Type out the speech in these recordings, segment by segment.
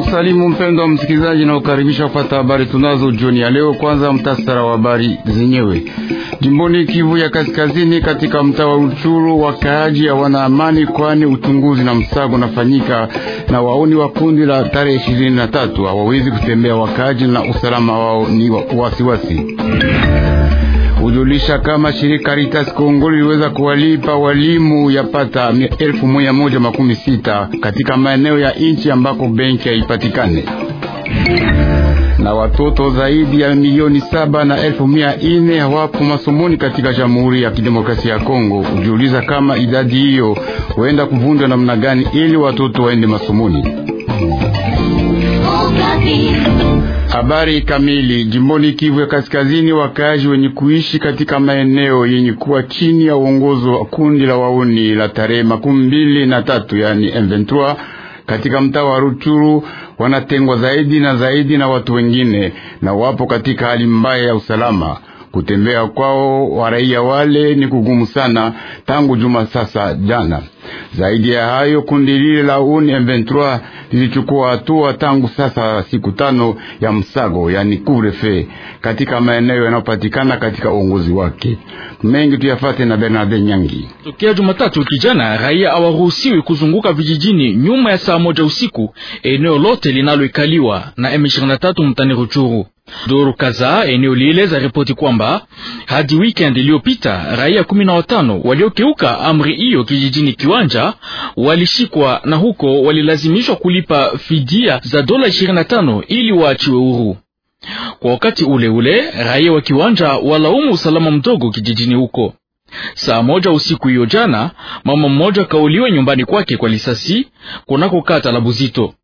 kusalimu mpendo wa msikilizaji na ukaribisha kupata habari tunazo jioni ya leo. Kwanza mtasara wa habari zenyewe. Jimboni Kivu ya Kaskazini, katika mtaa wa Uchuru, wakaaji hawana amani, kwani uchunguzi na msago unafanyika na waoni wa kundi la tarehe ishirini na tatu hawawezi kutembea. Wakaaji na usalama wao ni wasiwasi wasi kujulisha kama shirika Ritas Kongo liliweza kuwalipa walimu yapata elfu moja moja makumi sita katika maeneo ya nchi ambako benki haipatikane na watoto zaidi ya milioni saba na elfu mia ine hawapo masomoni katika Jamhuri ya Kidemokrasia ya Kongo. Hujiuliza kama idadi hiyo huenda kuvunjwa namna gani ili watoto waende masomoni. Oh, Habari kamili. Jimboni Kivu ya Kaskazini, wakaaji wenye kuishi katika maeneo yenye kuwa chini ya uongozo wa kundi la wauni la tarehe makumi mbili na tatu yani M23 katika mtaa wa Ruchuru wanatengwa zaidi na zaidi na watu wengine, na wapo katika hali mbaya ya usalama. Kutembea kwao waraia wale ni kugumu sana tangu juma sasa jana. Zaidi ya hayo, kundi lile la M23 lilichukua hatua tangu sasa siku tano ya msago, yani kurefe, katika maeneo yanayopatikana katika uongozi wake. Mengi tuyafate na Bernard Nyangi. Tokea Jumatatu kijana, raia hawaruhusiwi kuzunguka vijijini nyuma ya saa moja usiku, eneo lote linaloikaliwa na M23 mtani Ruchuru. Duru kadhaa eneo lile za ripoti kwamba hadi weekend iliyopita raia kumi na watano waliokeuka amri hiyo kijijini Kiwanja walishikwa na huko walilazimishwa kulipa fidia za dola 25 ili waachiwe huru. Kwa wakati ule ule raia wa Kiwanja walaumu usalama mdogo kijijini huko. Saa moja usiku hiyo jana, mama mmoja kauliwe nyumbani kwake kwa lisasi kunako kata la Buzito.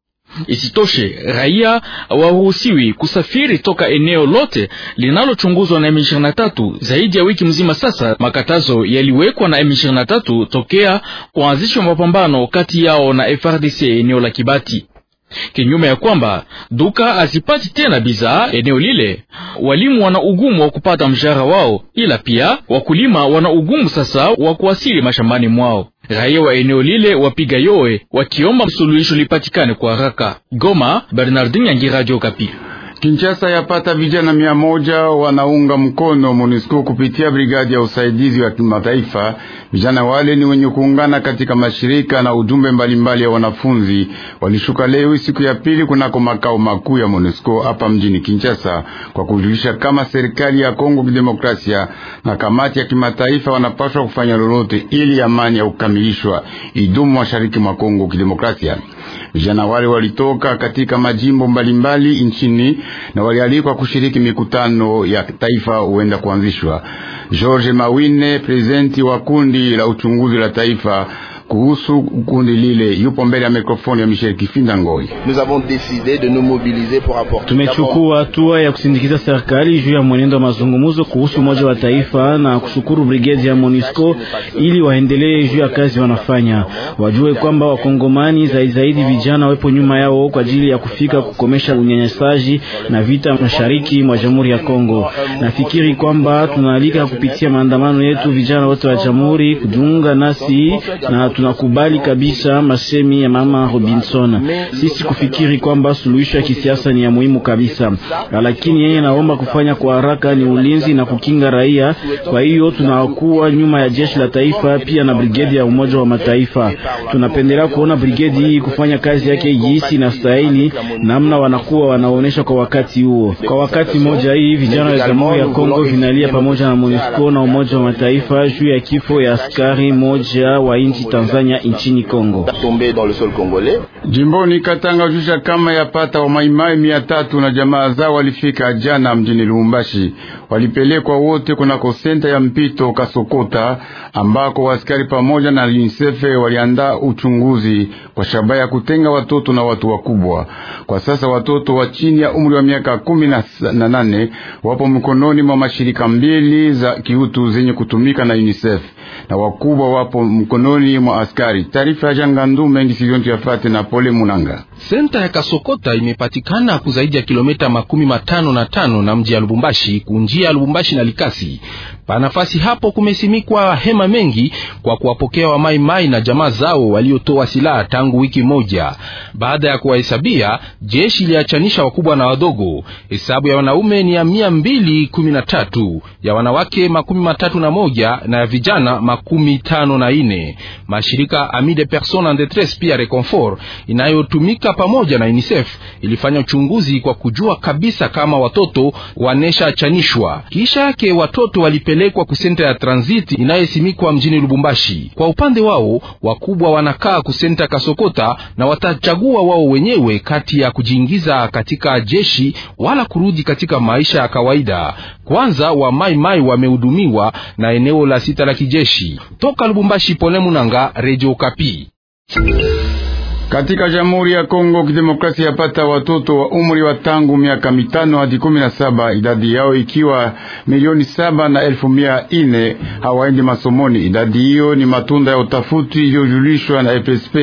Isitoshe, raia waruhusiwi kusafiri toka eneo lote linalochunguzwa na M23 zaidi ya wiki mzima sasa. Makatazo yaliwekwa na M23 tokea kuanzishwa mapambano kati yao na FRDC eneo la Kibati kinyume ya kwamba duka azipati tena bidhaa eneo lile. Walimu wana ugumu wa kupata mshahara wao, ila pia wakulima wana ugumu sasa wa kuwasili mashambani mwao raia wa eneo lile wapiga yowe wakiomba suluhisho lipatikane kwa haraka. Goma, Bernardin Yangi, Radio Kapi. Kinshasa yapata vijana mia moja wanaunga mkono MONUSCO kupitia brigadi ya usaidizi wa kimataifa. Vijana wale ni wenye kuungana katika mashirika na ujumbe mbalimbali mbali ya wanafunzi. Walishuka leo siku ya pili kunako makao makuu ya MONUSCO hapa mjini Kinshasa kwa kujulisha kama serikali ya Kongo Kidemokrasia na kamati ya kimataifa wanapaswa kufanya lolote ili amani ya ukamilishwa idumu mashariki mwa Kongo Kidemokrasia. Vijana wale walitoka katika majimbo mbalimbali nchini na walialikwa kushiriki mikutano ya taifa huenda kuanzishwa. George Mawine, prezidenti wa kundi la uchunguzi la taifa kuhusu kundi lile, yupo mbele ya mikrofoni ya Michel Kifinda Ngoi. Tumechukua hatua ya kusindikiza serikali juu ya mwenendo wa mazungumzo kuhusu umoja wa taifa na kushukuru brigade ya Monisco ili waendelee juu ya kazi wanafanya. Wajue kwamba wakongomani zaidi zaidi vijana wepo nyuma yao kwa ajili ya kufika kukomesha unyanyasaji na vita mashariki mwa Jamhuri ya Kongo. Nafikiri kwamba tunaalika kupitia maandamano yetu vijana wote wa jamhuri kujiunga nasi na tunakubali kabisa masemi ya mama Robinson. Sisi kufikiri kwamba suluhisho ya kisiasa ni ya muhimu kabisa, lakini yeye naomba kufanya kwa haraka ni ulinzi na kukinga raia. Kwa hiyo tunakuwa nyuma ya jeshi la taifa pia na brigedi ya Umoja wa Mataifa. Tunapendelea kuona brigedi hii kufanya kazi yake jinsi na stahili, namna wanakuwa wanaonyesha kwa wakati huo. Kwa wakati mmoja hii vijana wa Jamhuri ya Kongo vinalia pamoja na MONUSCO na Umoja wa Mataifa juu ya kifo ya askari moja wa nchi Tanzania nchini Kongo. Jimboni Katanga jusha kama yapata wa maimai mia tatu na jamaa zao walifika jana mjini Lubumbashi, walipelekwa wote kunako senta ya mpito Kasokota ambako askari pamoja na UNICEF waliandaa uchunguzi kwa shabaha ya kutenga watoto na watu wakubwa. Kwa sasa watoto wa chini ya umri wa miaka kumi na nane wapo mkononi mwa mashirika mbili za kiutu zenye kutumika na UNICEF na wakubwa wapo mkononi mwa askari. Taarifa ya Jangandu Mengi Sivyontu yafate na Pole Munanga. Senta ya Kasokota imepatikana ku zaidi ya kilomita makumi matano na tano na mji ya Lubumbashi, kunjia ya Lubumbashi na Likasi. Panafasi hapo kumesimikwa hema mengi kwa kuwapokea wa mai mai na jamaa zao waliotoa silaha tangu wiki moja. Baada ya kuwahesabia, jeshi iliachanisha wakubwa na wadogo. Hesabu ya wanaume ni ya mia mbili kumi na tatu, ya wanawake makumi matatu na moja na ya vijana makumi tano na ine. Mashirika Ami de Personnes en Detresse pia Reconfort inayotumika pamoja na UNICEF ilifanya uchunguzi kwa kujua kabisa kama watoto wanesha achanishwa. Kisha yake watoto walipe kupelekwa kusenta ya tranziti inayosimikwa mjini Lubumbashi. Kwa upande wao wakubwa wanakaa kusenta Kasokota na watachagua wao wenyewe kati ya kujiingiza katika jeshi wala kurudi katika maisha ya kawaida. Kwanza wa Mai Mai wamehudumiwa na eneo la sita la kijeshi. Toka Lubumbashi, Pole Munanga, Radio Kapi. Katika Jamhuri ya Kongo Kidemokrasia yapata watoto wa umri wa tangu miaka mitano hadi kumi na saba, idadi yao ikiwa milioni saba na elfu mia ine hawaendi masomoni. Idadi hiyo ni matunda ya utafuti iliyojulishwa na EPSP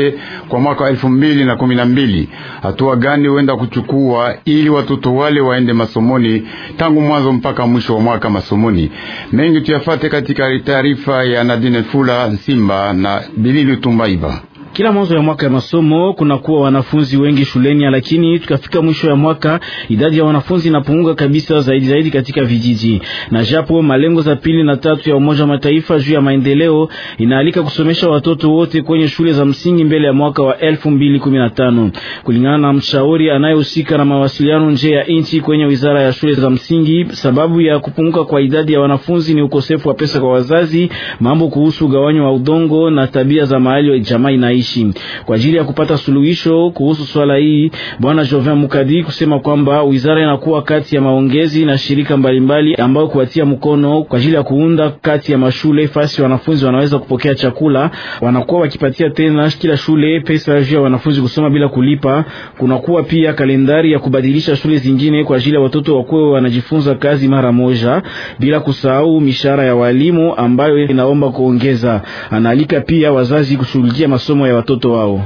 kwa mwaka wa elfu mbili na kumi na mbili. Hatua gani huenda kuchukua ili watoto wale waende masomoni tangu mwanzo mpaka mwisho wa mwaka masomoni? Mengi tuyafate katika taarifa ya Nadine Fula Nsimba na Bilili Tumbaiba. Kila mwanzo ya mwaka ya masomo kunakuwa wanafunzi wengi shuleni, lakini tukafika mwisho ya mwaka idadi ya wanafunzi inapunguka kabisa, zaidi zaidi katika vijiji. Na japo malengo za pili na tatu ya Umoja wa Mataifa juu ya maendeleo inaalika kusomesha watoto wote kwenye shule za msingi mbele ya mwaka wa 2015 kulingana na mshauri anayehusika na mawasiliano nje ya nchi kwenye wizara ya shule za msingi, sababu ya kupunguka kwa idadi ya wanafunzi ni ukosefu wa pesa kwa wazazi, mambo kuhusu ugawanyo wa udongo na tabia za mahali jamaa inaishi wanaishi. Kwa ajili ya kupata suluhisho kuhusu swala hii, bwana Jovin Mukadi kusema kwamba wizara inakuwa kati ya maongezi na shirika mbalimbali ambayo kuwatia mkono kwa ajili ya kuunda kati ya mashule fasi wanafunzi wanaweza kupokea chakula, wanakuwa wakipatia tena kila shule pesa ya wanafunzi kusoma bila kulipa. Kunakuwa pia kalendari ya kubadilisha shule zingine kwa ajili ya watoto wakuwe wanajifunza kazi mara moja, bila kusahau mishahara ya walimu ambayo inaomba kuongeza. Anaalika pia wazazi kushughulikia masomo ya ya watoto wao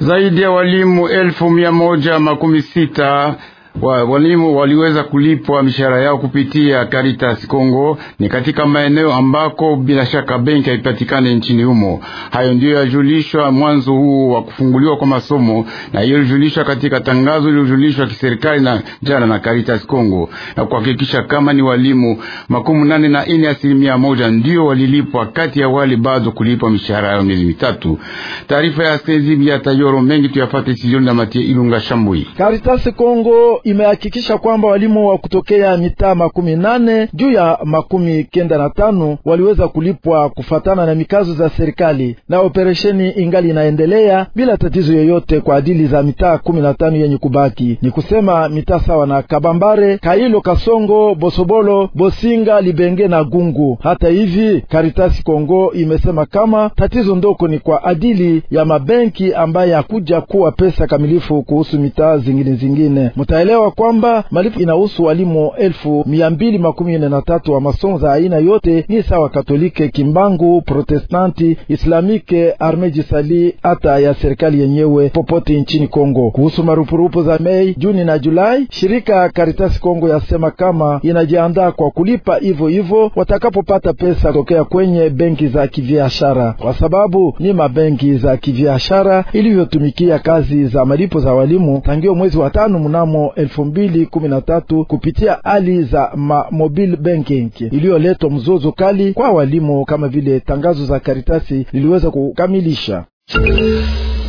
zaidi ya walimu elfu mia moja makumi sita Walimu waliweza kulipwa mishahara yao kupitia Caritas Congo, ni katika maeneo ambako bila shaka benki haipatikane nchini humo. Hayo ndiyo yajulishwa mwanzo huu wa kufunguliwa kwa masomo, na hiyo ilijulishwa katika tangazo lililojulishwa kiserikali na jana na Caritas Congo, na kuhakikisha kama ni walimu makumi nane na nne asilimia moja ndio walilipwa kati ya wale bado kulipwa mishahara yao miezi mitatu. Taarifa ya Sezi Tayoro mengi tuyafate studioni na Matie Ilunga Shambui. Caritas Congo imehakikisha kwamba walimu wa kutokea mitaa makumi nane juu ya makumi kenda na tano waliweza kulipwa kufatana na mikazo za serikali, na operesheni ingali inaendelea bila tatizo yoyote kwa ajili za mitaa kumi na tano yenye kubaki, ni kusema mitaa sawa na Kabambare, Kailo, Kasongo, Bosobolo, Bosinga, Libenge na Gungu. Hata hivi Karitasi Kongo imesema kama tatizo ndoko ni kwa ajili ya mabenki ambaye hakuja kuwa pesa kamilifu kuhusu mitaa zingine zingine Mutaele Itaelewa kwamba malipo inahusu walimu elfu mia mbili makumi nne na tatu wa masomo za aina yote, ni sawa Katolike, Kimbangu, Protestanti, Islamike, Armejisali hata ya serikali yenyewe popote nchini Kongo. Kuhusu marupurupu za Mei, Juni na Julai, shirika Karitasi Kongo yasema kama inajiandaa kwa kulipa hivyo hivyo watakapopata pesa tokea kwenye benki za kibiashara, kwa sababu ni mabenki za kibiashara ilivyotumikia kazi za malipo za walimu tangio mwezi wa tano mnamo elfu mbili kumi na tatu kupitia hali za ma mobile banking iliyoletwa mzozo kali kwa walimu, kama vile tangazo za karitasi liliweza kukamilisha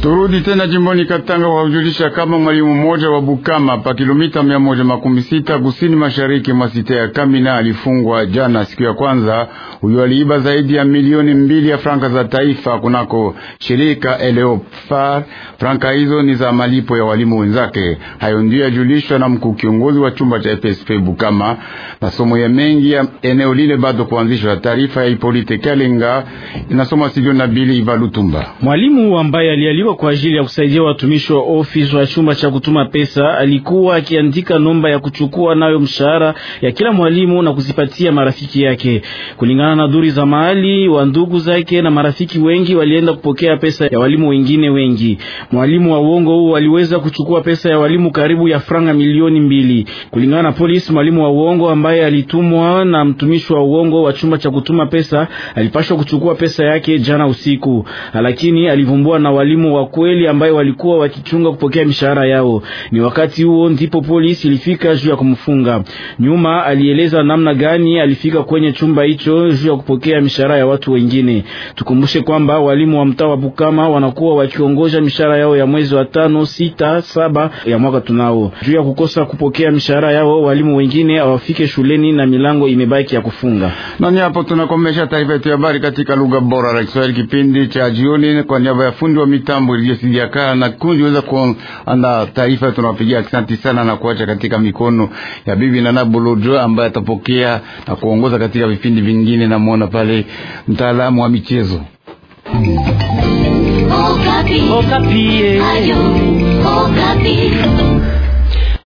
Turudi tena jimboni Katanga kwa kujulisha kama mwalimu mmoja wa Bukama pa kilomita mia moja makumi sita kusini mashariki mwa site ya Kamina alifungwa jana siku ya kwanza. Huyo aliiba zaidi ya milioni mbili ya franka za taifa kunako shirika Eleopar. Franka hizo ni za malipo ya walimu wenzake. Hayo ndiyo yajulishwa na mkuu kiongozi wa chumba cha EPSP Bukama. Masomo ya mengi ya eneo lile bado kuanzishwa. Taarifa ya Ipolite Kalenga inasoma studio na Bili Ivalutumba. Mwalimu ambaye alialiwa hiyo kwa ajili ya kusaidia watumishi wa ofisi wa chumba cha kutuma pesa. Alikuwa akiandika nomba ya kuchukua nayo mshahara ya kila mwalimu na kuzipatia marafiki yake. Kulingana na duri za mahali, wa ndugu zake na marafiki wengi walienda kupokea pesa ya walimu wengine wengi. Mwalimu wa uongo huu aliweza kuchukua pesa ya walimu karibu ya franga milioni mbili. Kulingana na polisi, mwalimu wa uongo ambaye alitumwa na mtumishi wa uongo wa chumba cha kutuma pesa alipashwa kuchukua pesa yake jana usiku, lakini alivumbua na walimu wa kweli ambayo walikuwa wakichunga kupokea mishahara yao. Ni wakati huo ndipo polisi ilifika juu ya kumfunga. Nyuma alieleza namna gani alifika kwenye chumba hicho juu ya kupokea mishahara ya watu wengine. Tukumbushe kwamba walimu wa mtaa wa Bukama wanakuwa wakiongoza mishahara yao ya mwezi wa tano, sita, saba ya mwaka tunao. Juu ya kukosa kupokea mishahara yao, walimu wengine hawafike shuleni na milango imebaki ya kufunga. Nani hapo, tunakomesha taarifa yetu ya habari katika lugha bora la Kiswahili, kipindi cha jioni, kwa niaba ya fundi wa mitambo Mwerijia na kundi weza kuanda taarifa. Tunawapigia asante sana na kuacha katika mikono ya bibi Nana Bolojo ambaye atapokea na kuongoza katika vipindi vingine. Namwona pale mtaalamu wa michezo Okapi. Okapi. Ayo. Okapi.